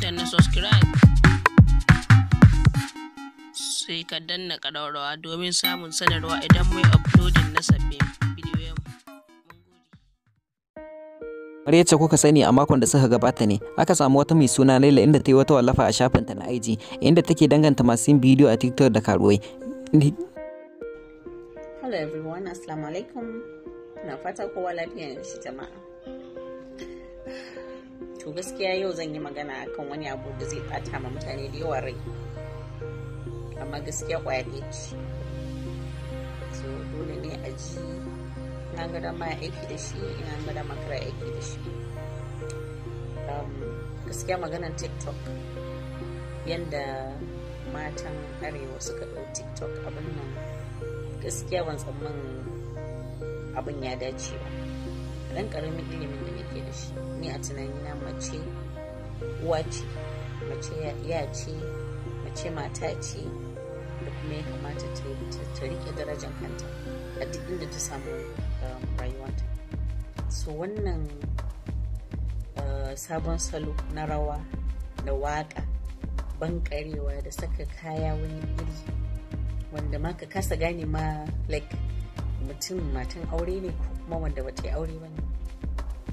danna subscribe sai ka danna ƙararrawa domin samun sanarwa idan mai uploading na sabbin kamar kuka sani a makon da suka gabata ne aka samu wata mai suna Laila inda ta yi wata wallafa a shafinta na IG inda take danganta masu yin bidiyo a TikTok da karuwai. Hello everyone, assalamu alaikum. Na fata kowa lafiya ne shi jama'a. to gaskiya yau zan yi magana akan wani abu da zai bata ma mutane da yawa rai amma gaskiya kwaya ɗaya ce so dole ne a ji na gada ma aiki da shi ina gada makara aiki da shi um, gaskiya maganan tiktok yadda matan arewa suka ɗau tiktok abin nan gaskiya ban tsammanin abin ya dace ba dan karamin ilimin da nake da shi ni a tunanina mace uwa ce mace ya ce mace mata ce da kuma ya kamata ta rike darajar kanta a duk inda ta samu um, rayuwanta so wannan uh, sabon salo na rawa da waka bankarewa da saka kaya wani iri wanda ma ka kasa gane ma like mutum matan aure ne kuma wanda ba ta yi aure ba ne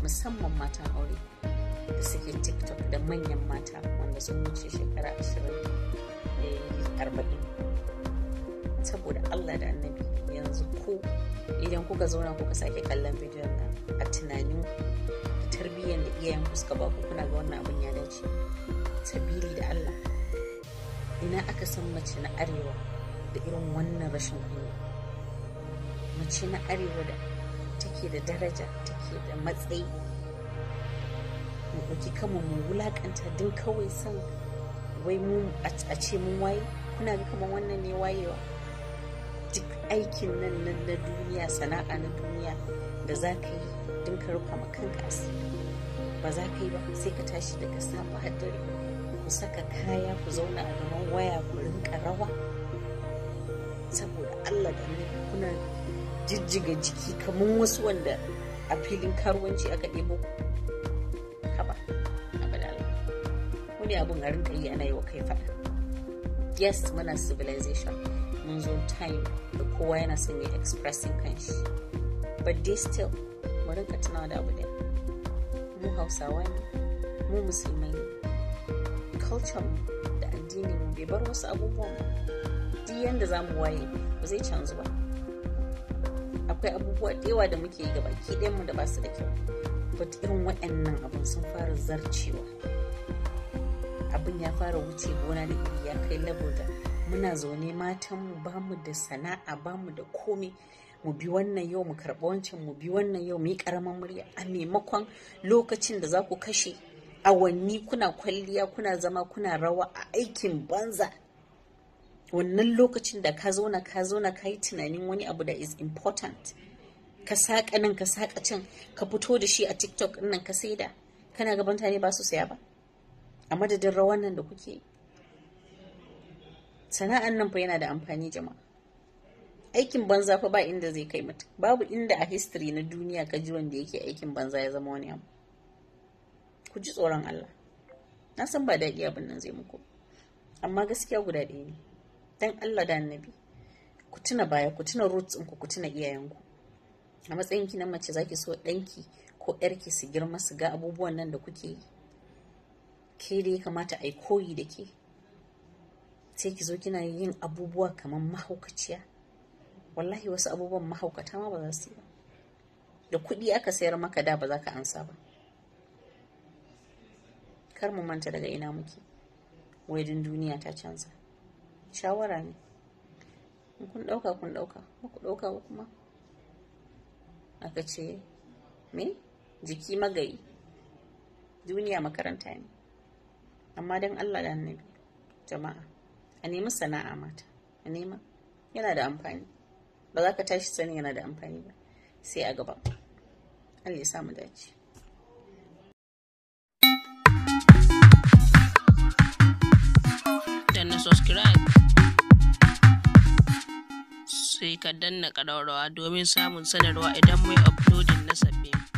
musamman matan aure da suke tiktok da manyan mata wanda sun wuce shekara ashirin da arba'in saboda allah da annabi yanzu ko idan kuka zauna kuka sake kallon bidiyon nan a tunanin tarbiyyar da iyayen fuska ba baku kuna ga wannan abin ya dace sabili da allah ina aka san mace na arewa da irin wannan rashin kunya mace na arewa da take da daraja take da matsayi mu ɗauki kama mu wulaƙanta don kawai son wai mu a ce mun waye kuna ga kamar wannan ne wayewa duk aikin nan nan na duniya sana'a na duniya da za ka yi don ka rufa makan kanka ba za ka yi ba sai ka tashi daga safa hadari ku saka kaya ku zauna a gaban waya ku rinka rawa saboda allah da kuna jijjiga jiki kamar wasu wanda a filin karuwanci aka ɗebo haba abadala wani abun a rinka yi ana yi wa kai faɗa yes muna civilization mun zo time da kowa yana son ya expressing kanshi but they still mu rinka tunawa da abu ɗaya mu hausawa ne mu musulmai ne culture da addini mu bai bar wasu abubuwan duk yanda za mu waye ba zai canzu ba akwai abubuwa da yawa da muke yi ga baki ɗayan mu da ba su da kyau but irin waɗannan abin sun fara zarcewa abin ya fara wuce gona da iri ya kai level da muna zaune matanmu mu ba mu da sana'a ba mu da komai mu bi wannan yau mu karɓi wancan mu bi wannan yau mu yi ƙaramin murya a maimakon lokacin da za ku kashe awanni kuna kwalliya kuna zama kuna rawa a aikin banza wannan lokacin da ka zo na ka zo na ka yi tunanin wani abu da is important ka saƙa nan ka saƙa can ka fito da shi a tiktok nan ka da, kana gaban ne ba su saya ba a madadin rawan nan da kuke sana'an nan fa yana da amfani jama'a aikin banza fa ba inda zai kai mutum babu inda a history na duniya ka ji wanda yake aikin banza ya zama wani abu ku ji tsoron Allah na san ba daɗi abin nan zai muku amma gaskiya guda ɗaya ne dan Allah da annabi ku tuna baya ku tuna roots ku ku tuna iyayenku a matsayin ki na mace zaki so ɗanki ko yarki su girma su ga abubuwan nan da kuke yi ke da ya kamata a yi koyi da ke sai ki zo kina yin abubuwa kamar mahaukaciya wallahi wasu abubuwan mahaukata ma ba za su yi ba da kuɗi aka sayar maka da ba za ka ansa ba kar mu manta daga ina muke wajen duniya ta canza shawara ne in kun ɗauka kun ɗauka ku ɗauka ba kuma aka ce me jiki magayi duniya makaranta ne amma don allah da annabi jama'a a nemi sana'a mata a nema yana da amfani ba za ka tashi sani yana da amfani ba sai a gaba allah ya samu dace subscribe sai ka danna ƙararrawa domin samun sanarwa idan mai uploading na sabbin